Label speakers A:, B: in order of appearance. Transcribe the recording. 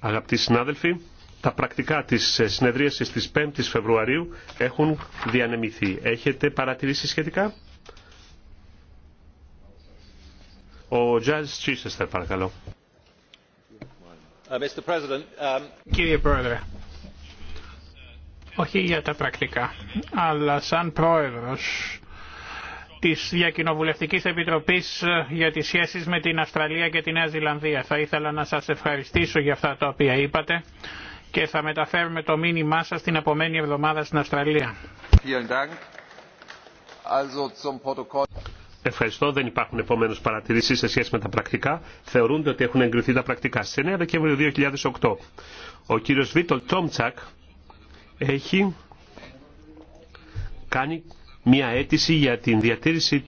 A: Αγαπητοί συνάδελφοι, τα πρακτικά της ε, συνεδρίασης της 5ης Φεβρουαρίου έχουν διανεμηθεί. Έχετε παρατηρήσει σχετικά? Ο Τζάζ Τσίσεστερ, παρακαλώ.
B: Uh, um, Κύριε Πρόεδρε,
C: όχι για τα πρακτικά, αλλά σαν πρόεδρος της Διακοινοβουλευτικής Επιτροπής ε, για τις σχέσεις με την Αυστραλία και τη Νέα Ζηλανδία. Θα ήθελα να σας ευχαριστήσω για αυτά τα οποία είπατε και θα μεταφέρουμε το μήνυμά σας την επομένη εβδομάδα στην Αυστραλία.
A: Ευχαριστώ. Δεν υπάρχουν επόμενε παρατηρήσει σε σχέση με τα πρακτικά. Θεωρούνται ότι έχουν εγκριθεί τα πρακτικά. Στι 9 Δεκεμβρίου 2008, ο κύριο Βίτολ Τόμτσακ έχει κάνει μια αίτηση για την διατήρηση